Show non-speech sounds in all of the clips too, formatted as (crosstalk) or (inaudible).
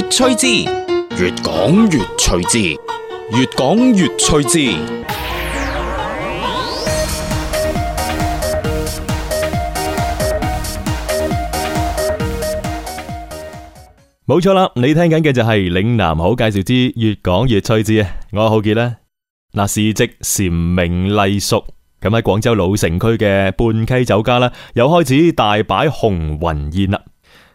越講越趣之，越講越趣之，越講越趣之。冇錯啦，你聽緊嘅就係嶺南好介紹之《越講越趣之》啊！我係浩傑啦。嗱，時值蟬鳴荔熟，咁喺廣州老城區嘅半溪酒家啦，又開始大擺紅雲宴啦。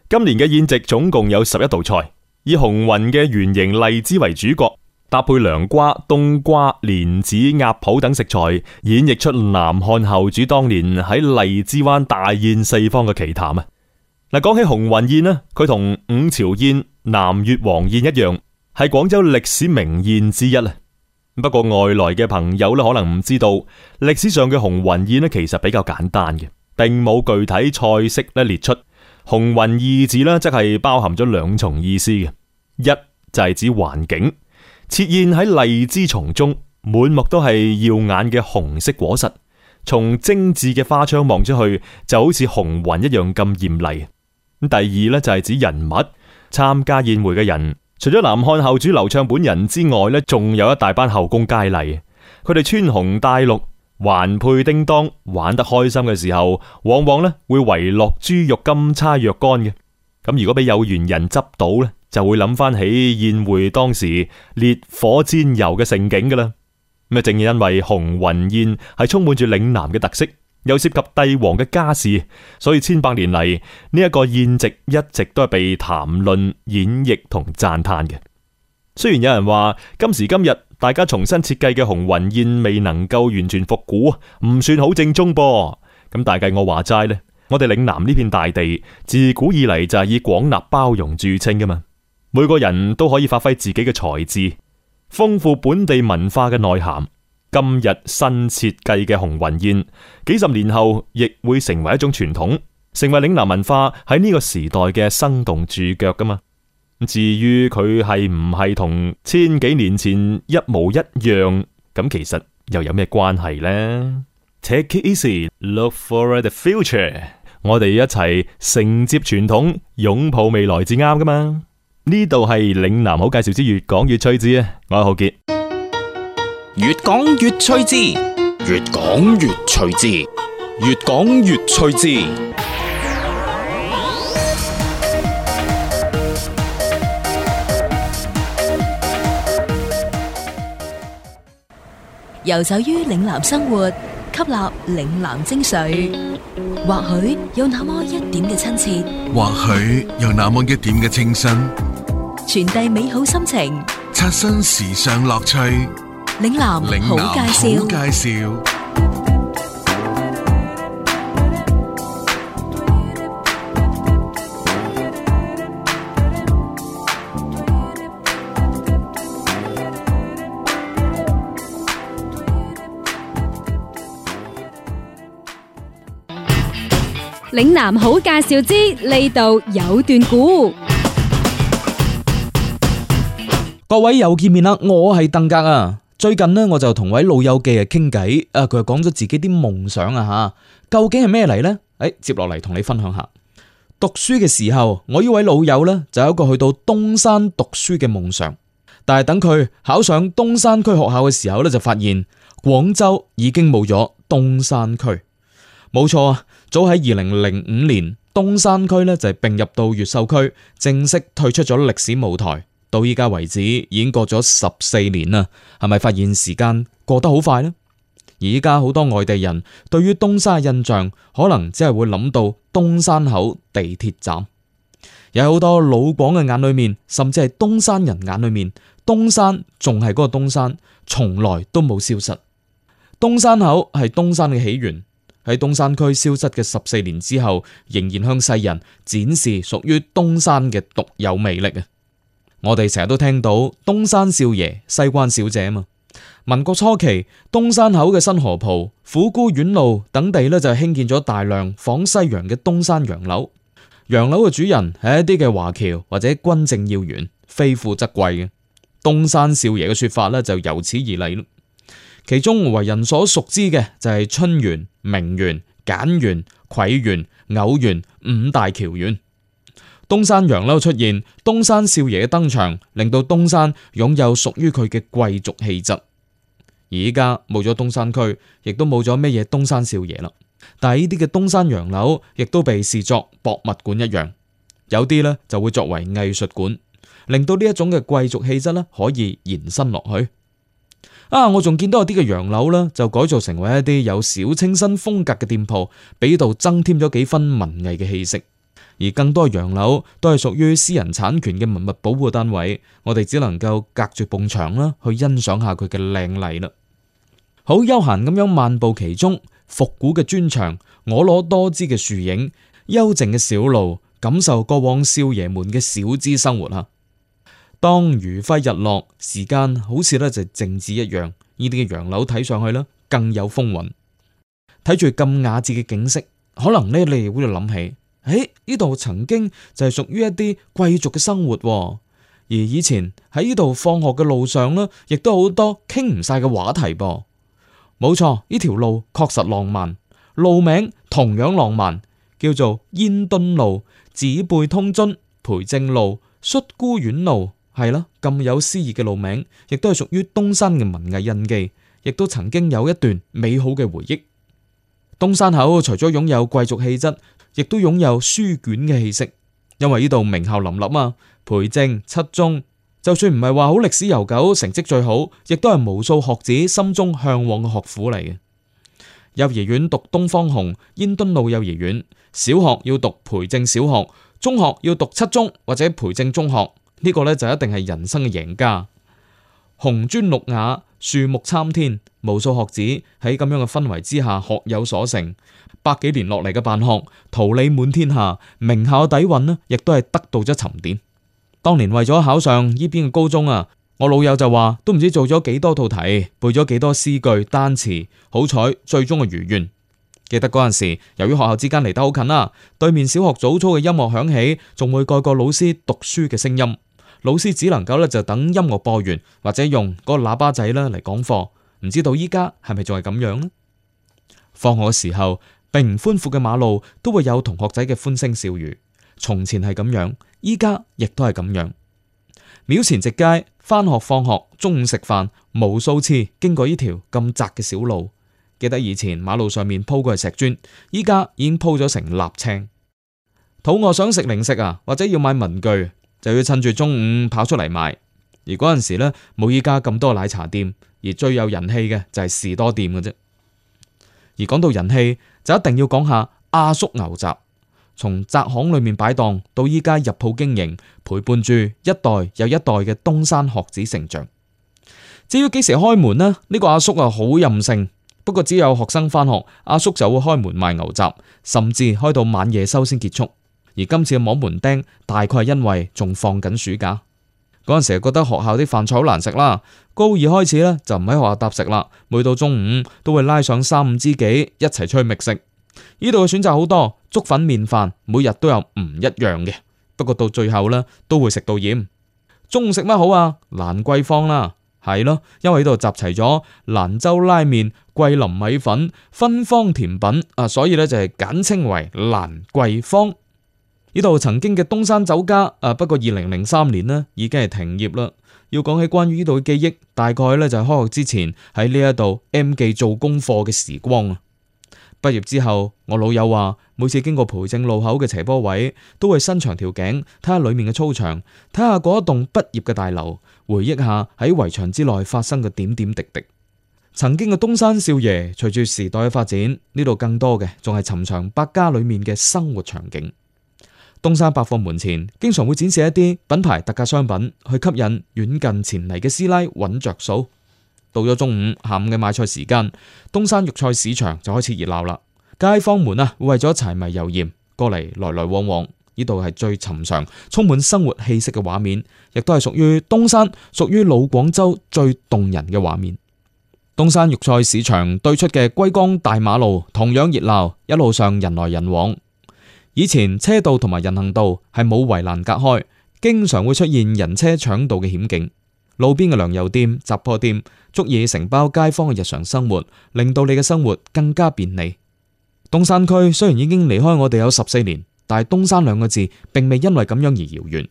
今年嘅宴席總共有十一道菜。以紅雲嘅圓形荔枝為主角，搭配涼瓜、冬瓜、蓮子、鴨脯等食材，演繹出南漢後主當年喺荔枝灣大宴四方嘅奇談啊！嗱，講起紅雲宴呢，佢同五朝宴、南越王宴一樣，係廣州歷史名宴之一啦。不過外來嘅朋友咧，可能唔知道歷史上嘅紅雲宴咧，其實比較簡單嘅，並冇具體菜式咧列出。紅雲二字呢，即係包含咗兩重意思嘅，一就係指環境，設宴喺荔枝叢中，滿目都係耀眼嘅紅色果實，從精致嘅花窗望出去，就好似紅雲一樣咁艷麗。第二呢，就係指人物，參加宴會嘅人，除咗南漢後主劉暢本人之外呢，仲有一大班後宮佳麗，佢哋穿紅戴綠。環佩叮噹玩得開心嘅時候，往往咧會遺落豬肉、金釵、若干嘅。咁如果俾有緣人執到呢，就會諗翻起宴會當時烈火煎油嘅盛景噶啦。咁啊，正係因為紅雲宴係充滿住嶺南嘅特色，又涉及帝王嘅家事，所以千百年嚟呢一個宴席一直都係被談論、演繹同讚嘆嘅。雖然有人話今時今日。大家重新設計嘅鴻雲宴未能夠完全復古，唔算好正宗噃。咁大計我話齋呢，我哋嶺南呢片大地自古以嚟就係以廣納包容著稱噶嘛，每個人都可以發揮自己嘅才智，豐富本地文化嘅內涵。今日新設計嘅鴻雲宴，幾十年後亦會成為一種傳統，成為嶺南文化喺呢個時代嘅生動注腳噶嘛。至於佢係唔係同千幾年前一模一樣，咁其實又有咩關係呢？Take it easy, look for the future。我哋一齊承接傳統，擁抱未來至啱，噶嘛？呢度係嶺南好介紹之越講越趣知啊！我係浩傑，越講越趣知，越講越趣知，越講越趣知。越遊走於嶺南生活，吸納嶺南精髓，或許有那麼一點嘅親切，或許有那麼一點嘅清新，傳遞美好心情，刷新時尚樂趣。嶺南好介紹。嶺南好介紹之，呢度有段古。各位又見面啦，我係鄧格啊。最近呢，我就同位老友記傾偈，啊，佢講咗自己啲夢想啊吓，究竟係咩嚟呢？誒、哎，接落嚟同你分享下。讀書嘅時候，我呢位老友呢，就有一個去到東山讀書嘅夢想，但係等佢考上東山區學校嘅時候呢，就發現廣州已經冇咗東山區，冇錯啊。早喺二零零五年，東山區咧就係併入到越秀區，正式退出咗歷史舞台。到依家為止，已經過咗十四年啦，係咪發現時間過得好快呢？而家好多外地人對於東山嘅印象，可能只係會諗到東山口地鐵站。有好多老廣嘅眼裏面，甚至係東山人眼裏面，東山仲係嗰個東山，從來都冇消失。東山口係東山嘅起源。喺東山區消失嘅十四年之後，仍然向世人展示屬於東山嘅獨有魅力啊！我哋成日都聽到東山少爺、西關小姐嘛。民國初期，東山口嘅新河浦、虎姑苑路等地咧就興建咗大量仿西洋嘅東山洋樓。洋樓嘅主人係一啲嘅華僑或者軍政要員，非富則貴嘅。東山少爺嘅說法咧就由此而嚟。其中為人所熟知嘅就係春園、明園、簡園、葵園、藕園五大橋園。東山洋樓出現，東山少爺嘅登場，令到東山擁有屬於佢嘅貴族氣質。而家冇咗東山區，亦都冇咗咩嘢東山少爺啦。但係呢啲嘅東山洋樓，亦都被視作博物館一樣，有啲咧就會作為藝術館，令到呢一種嘅貴族氣質咧可以延伸落去。啊！我仲見到有啲嘅洋樓啦，就改造成為一啲有小清新風格嘅店鋪，俾度增添咗幾分文藝嘅氣息。而更多洋樓都係屬於私人產權嘅文物保護單位，我哋只能夠隔住埲牆啦，去欣賞下佢嘅靚麗啦。好悠閒咁樣漫步其中，復古嘅磚牆，婀娜多姿嘅樹影，幽靜嘅小路，感受過往少爺們嘅小資生活啊！當餘暉日落，時間好似咧就靜止一樣。呢啲嘅洋樓睇上去咧更有風雲，睇住咁雅致嘅景色，可能咧你會諗起，誒呢度曾經就係屬於一啲貴族嘅生活，而以前喺呢度放學嘅路上咧，亦都好多傾唔晒嘅話題噃。冇錯，呢條路確實浪漫，路名同樣浪漫，叫做煙墩路、寺貝通津、培正路、恤孤院路。係咯，咁有詩意嘅路名，亦都係屬於東山嘅文藝印記，亦都曾經有一段美好嘅回憶。東山口除咗擁有貴族氣質，亦都擁有書卷嘅氣息，因為呢度名校林立啊，培正、七中，就算唔係話好歷史悠久，成績最好，亦都係無數學子心中向往嘅學府嚟嘅。幼兒園讀東方紅，煙墩路幼兒園；小學要讀培正小學，中學要讀七中或者培正中學。呢個咧就一定係人生嘅贏家，紅磚綠瓦，樹木參天，無數學子喺咁樣嘅氛圍之下學有所成，百幾年落嚟嘅辦學，桃李滿天下，名校嘅底蘊呢，亦都係得到咗沉澱。當年為咗考上呢邊嘅高中啊，我老友就話都唔知做咗幾多套題，背咗幾多詩句、單詞，好彩最終嘅如願。記得嗰陣時，由於學校之間離得好近啦，對面小學早操嘅音樂響起，仲會蓋過老師讀書嘅聲音。老師只能夠咧就等音樂播完，或者用嗰個喇叭仔啦嚟講課。唔知道依家係咪仲係咁樣呢？放學嘅時候，並唔寬闊嘅馬路都會有同學仔嘅歡聲笑語。從前係咁樣，依家亦都係咁樣。廟前直街，翻學、放學、中午食飯，無數次經過呢條咁窄嘅小路。記得以前馬路上面鋪嘅係石磚，依家已經鋪咗成瀝青。肚餓想食零食啊，或者要買文具，就要趁住中午跑出嚟買。而嗰陣時咧冇依家咁多奶茶店，而最有人氣嘅就係士多店嘅啫。而講到人氣，就一定要講下阿叔牛雜，從窄巷裏面擺檔到依家入鋪經營，陪伴住一代又一代嘅東山學子成長。至於幾時開門呢？呢個阿叔啊好任性。不過只有學生返學，阿叔，叔就會開門賣牛雜，甚至開到晚夜收先結束。而今次嘅摸門釘大概係因為仲放緊暑假嗰陣時，覺得學校啲飯菜好難食啦。高二開始咧就唔喺學校搭食啦，每到中午都會拉上三五知己一齊出去覓食。呢度嘅選擇好多，粥粉麵飯每日都有唔一樣嘅。不過到最後咧都會食到厭。中午食乜好啊？蘭桂坊啦。係咯，因為呢度集齊咗蘭州拉麵、桂林米粉、芬芳甜品啊，所以咧就係簡稱為蘭桂坊。呢度曾經嘅東山酒家啊，不過二零零三年呢已經係停業啦。要講起關於呢度嘅記憶，大概咧就係開學之前喺呢一度 M 記做功課嘅時光啊。畢業之後，我老友話，每次經過培正路口嘅斜坡位，都會伸長條頸睇下裏面嘅操場，睇下嗰一棟畢業嘅大樓，回憶下喺圍牆之內發生嘅點點滴滴。曾經嘅東山少爺，隨住時代嘅發展，呢度更多嘅仲係尋常百家裏面嘅生活場景。東山百貨門前經常會展示一啲品牌特價商品，去吸引遠近前嚟嘅師奶揾着數。到咗中午，下午嘅買菜時間，東山肉菜市場就開始熱鬧啦。街坊們啊，為咗柴米油鹽過嚟，來來往往。呢度係最尋常、充滿生活氣息嘅畫面，亦都係屬於東山、屬於老廣州最動人嘅畫面。東山肉菜市場對出嘅龜崗大馬路同樣熱鬧，一路上人來人往。以前車道同埋人行道係冇圍欄隔開，經常會出現人車搶道嘅險境。路邊嘅糧油店、雜貨店，足以承包街坊嘅日常生活，令到你嘅生活更加便利。東山區雖然已經離開我哋有十四年，但係東山兩個字並未因為咁樣而遙遠。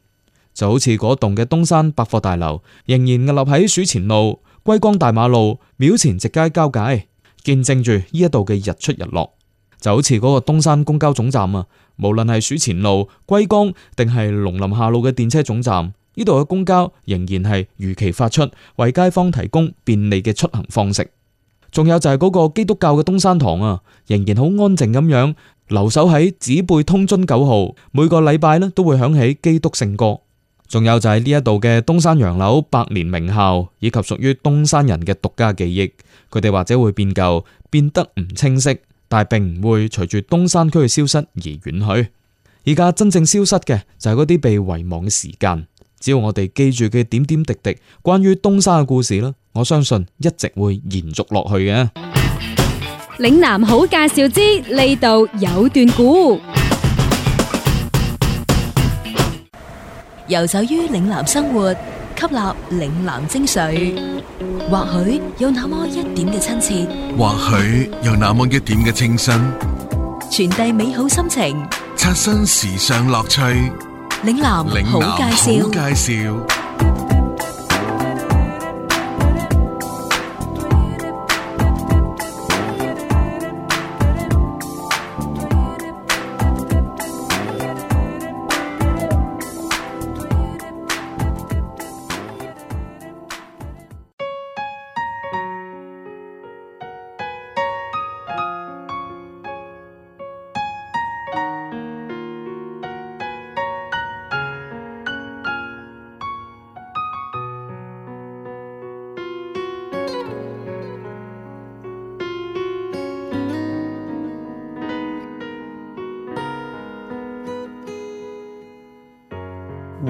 就好似嗰棟嘅東山百貨大樓，仍然屹立喺署前路、龜崗大馬路、廟前直街交界，見證住呢一度嘅日出日落。就好似嗰個東山公交總站啊，無論係署前路、龜崗定係農林下路嘅電車總站。呢度嘅公交仍然係如期發出，為街坊提供便利嘅出行方式。仲有就係嗰個基督教嘅東山堂啊，仍然好安靜咁樣留守喺寺貝通津九號，每個禮拜咧都會響起基督聖歌。仲有就係呢一度嘅東山洋樓百年名校，以及屬於東山人嘅獨家記憶，佢哋或者會變舊變得唔清晰，但係並唔會隨住東山區嘅消失而遠去。而家真正消失嘅就係嗰啲被遺忘嘅時間。只要我哋記住嘅點點滴滴關於東山嘅故事啦，我相信一直會延續落去嘅。嶺南好介紹之呢度有段古，游走於嶺南生活，吸納嶺南精髓，或許有那麼一點嘅親切，或許有那麼一點嘅清新，傳遞美好心情，刷新時尚樂趣。嶺南好介紹。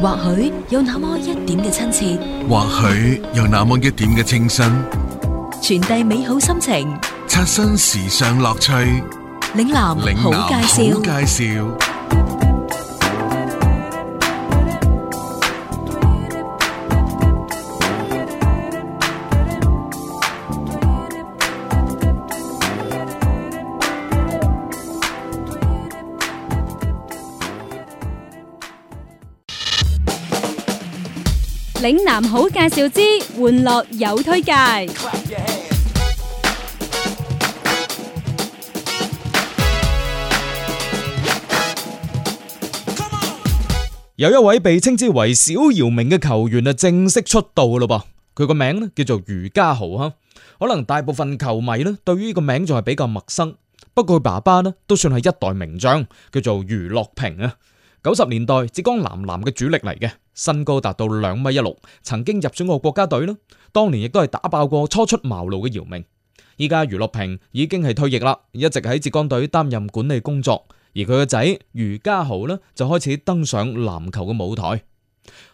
或許有那麼一點嘅親切，或許有那麼一點嘅清新，傳遞美好心情，刷新時尚樂趣。嶺南好介紹。嶺南好介紹之，玩樂有推介。 (music) 有一位被稱之為小姚明嘅球員啊，正式出道咯噃。佢個名咧叫做余家豪啊。可能大部分球迷咧對於呢個名就係比較陌生。不過佢爸爸咧都算係一代名將，叫做余樂平啊。九十年代，浙江男籃嘅主力嚟嘅，身高達到兩米一六，曾經入選過國家隊啦。當年亦都係打爆過初出茅廬嘅姚明。依家余樂平已經係退役啦，一直喺浙江隊擔任管理工作，而佢個仔余嘉豪咧就開始登上籃球嘅舞台。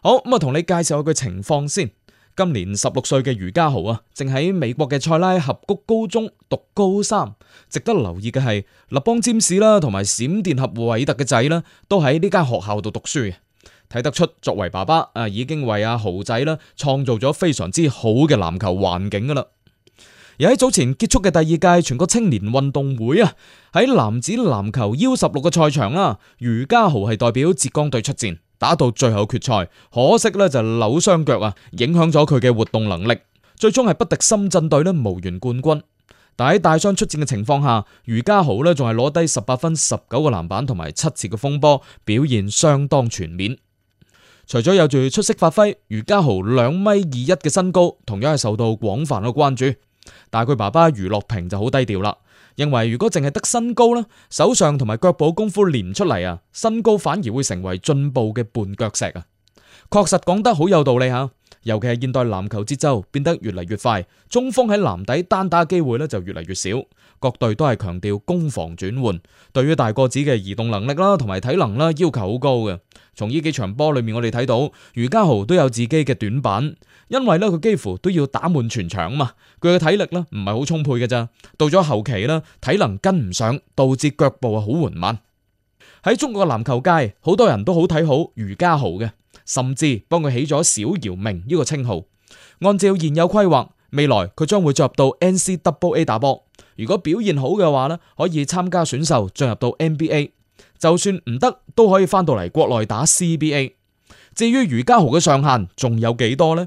好，咁啊，同你介紹下佢情況先。今年十六歲嘅余嘉豪啊，正喺美國嘅塞拉峽谷高中讀高三。值得留意嘅係，立邦佔士啦，同埋閃電俠韋特嘅仔啦，都喺呢間學校度讀書嘅。睇得出，作為爸爸啊，已經為阿、啊、豪仔啦創造咗非常之好嘅籃球環境噶啦。而喺早前結束嘅第二屆全國青年運動會啊，喺男子籃球 U 十六嘅賽場啦，啊，余嘉豪係代表浙江隊出戰。打到最後決賽，可惜咧就扭傷腳啊，影響咗佢嘅活動能力，最終係不敵深圳隊咧，無緣冠軍。但喺大傷出戰嘅情況下，余嘉豪呢仲係攞低十八分、十九個籃板同埋七次嘅封波，表現相當全面。除咗有住出色發揮，余嘉豪兩米二一嘅身高同樣係受到廣泛嘅關注。但係佢爸爸余樂平就好低調啦。認為如果淨係得身高啦，手上同埋腳步功夫練唔出嚟啊，身高反而會成為進步嘅絆腳石啊！確實講得好有道理吓，尤其係現代籃球節奏變得越嚟越快，中鋒喺籃底單打機會咧就越嚟越少，各隊都係強調攻防轉換，對於大個子嘅移動能力啦同埋體能啦要求好高嘅。從呢幾場波裏面我，我哋睇到余家豪都有自己嘅短板。因為咧，佢幾乎都要打滿全場啊嘛。佢嘅體力咧，唔係好充沛嘅。咋到咗後期咧，體能跟唔上，導致腳步啊好緩慢。喺中國嘅籃球界，好多人都好睇好余家豪嘅，甚至幫佢起咗小姚明呢個稱號。按照現有規劃，未來佢將會進入到 N C A A 打波。如果表現好嘅話咧，可以參加選秀進入到 N B A。就算唔得，都可以翻到嚟國內打 C B A。至於余嘉豪嘅上限仲有幾多呢？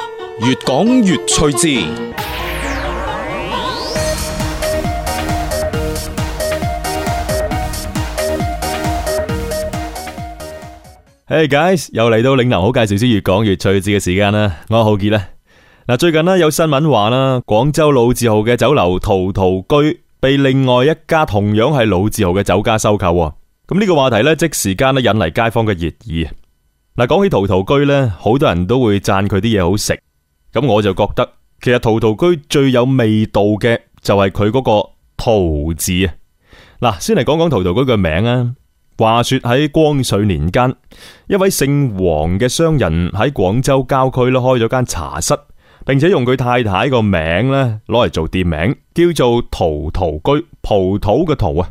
越講越趣致，Hey，guys 又嚟到嶺南好，介紹先越講越趣致嘅時間啦。我係浩傑啦。嗱，最近咧有新聞話啦，廣州老字號嘅酒樓陶陶居被另外一家同樣係老字號嘅酒家收購啊。咁呢個話題咧，即時間咧引嚟街坊嘅熱議。嗱，講起陶陶居咧，好多人都會讚佢啲嘢好食。咁我就覺得，其實陶陶居最有味道嘅就係佢嗰個陶字啊！嗱，先嚟講講陶陶居嘅名啊。話說喺光緒年間，一位姓黃嘅商人喺廣州郊區咧開咗間茶室，並且用佢太太個名咧攞嚟做店名，叫做陶陶居。葡萄嘅萄啊。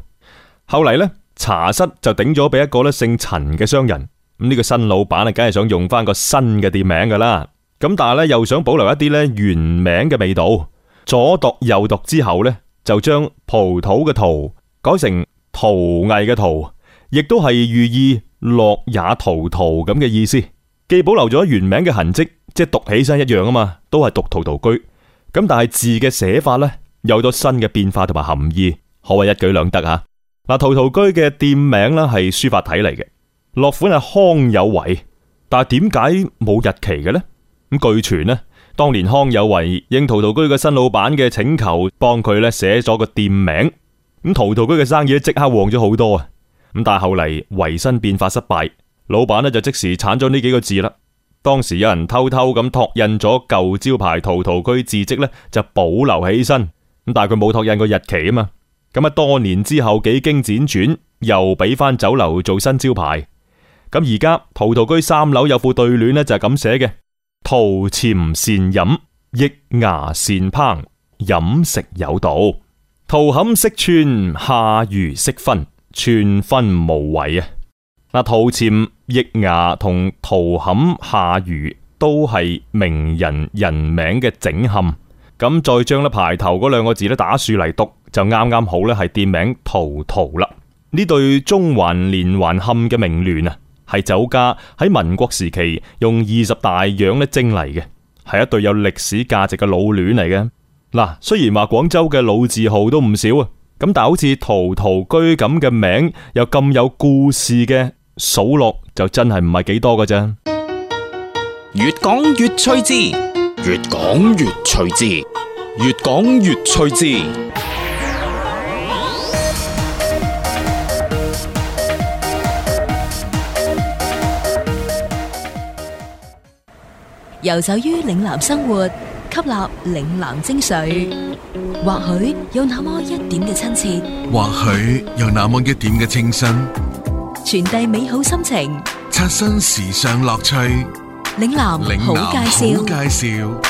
後嚟呢，茶室就頂咗俾一個咧姓陳嘅商人。咁、這、呢個新老闆咧，梗係想用翻個新嘅店名噶啦。咁但係咧，又想保留一啲咧原名嘅味道，左讀右讀之後呢，就將葡萄嘅萄改成陶藝嘅陶，亦都係寓意樂也陶陶咁嘅意思。既保留咗原名嘅痕跡，即係讀起身一樣啊嘛，都係讀陶陶居。咁但係字嘅寫法呢，有咗新嘅變化同埋含義，可謂一舉兩得啊。嗱，陶陶居嘅店名呢，係書法體嚟嘅，落款係康有為，但係點解冇日期嘅呢？咁據傳呢，當年康有為應陶陶居嘅新老板嘅請求，幫佢呢寫咗個店名。咁陶陶居嘅生意即刻旺咗好多啊。咁但係後嚟維新變化失敗，老闆呢就即時鏟咗呢幾個字啦。當時有人偷偷咁拓印咗舊招牌“陶陶居”字跡呢就保留起身。咁但係佢冇拓印個日期啊嘛。咁啊多年之後幾經輾轉，又俾翻酒樓做新招牌。咁而家陶陶居三樓有副對聯呢，就係咁寫嘅。陶潛善飲，益牙善烹，飲食有道。陶侃識寸，夏禹識分，寸分無遺啊！嗱，陶潛、益牙同陶侃、夏禹都係名人人名嘅整嵌，咁再將呢排頭嗰兩個字咧打豎嚟讀，就啱啱好咧係店名陶陶啦！呢對中環連環嵌嘅名聯啊！係酒家喺民國時期用二十大洋嚟，蒸嚟嘅，係一對有歷史價值嘅老戀嚟嘅。嗱、啊，雖然話廣州嘅老字號都唔少啊，咁但係好似陶陶居咁嘅名又咁有故事嘅數落就真係唔係幾多噶啫。越講越趣緻，越講越趣緻，越講越趣緻。遊走於嶺南生活，吸納嶺南精髓，或許有那麼一點嘅親切，或許有那麼一點嘅清新，傳遞美好心情，刷新時尚樂趣。嶺南好介紹，嶺南好介紹。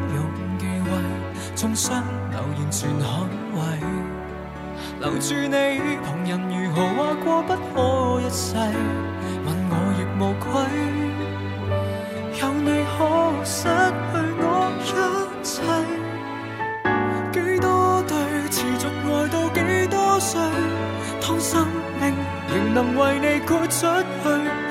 眾生流言全捍衞，留住你，旁人如何話過不可一世，問我亦無愧。有你可失去我一切，幾多對持續愛到幾多歲，當生命仍能為你豁出去。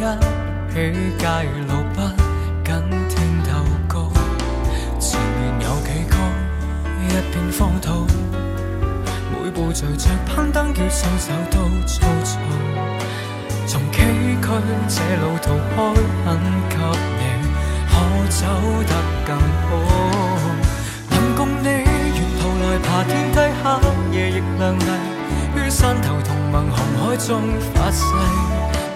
一起借路不跟天鬥高，前面有幾高，一片荒土。每步隨着攀登，叫雙手都粗糙。從崎嶇這路途開墾給你，可走得更好。能共你沿途來爬天梯，黑夜亦亮麗。於山頭同盟紅海中發誓。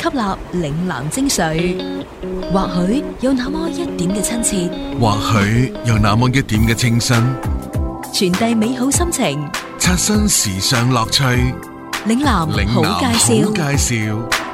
吸納嶺南精髓，或許有那麼一點嘅親切，或許有那麼一點嘅清新，傳遞美好心情，刷新時尚樂趣。嶺南好介紹，嶺南好介紹。